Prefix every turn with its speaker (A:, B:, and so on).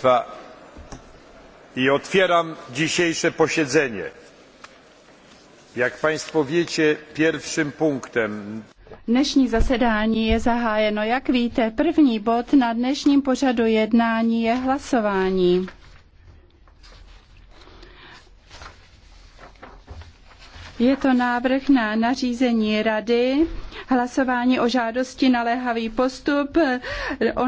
A: państwa i otwieram dzisiejsze posiedzenie. Jak państwo wiecie, pierwszym punktem
B: Dnešní zasedání je zahájeno. Jak víte, první bod na dnešním pořadu jednání je hlasování. Je to návrh na nařízení rady, hlasování o žádosti naléhavý postup
C: o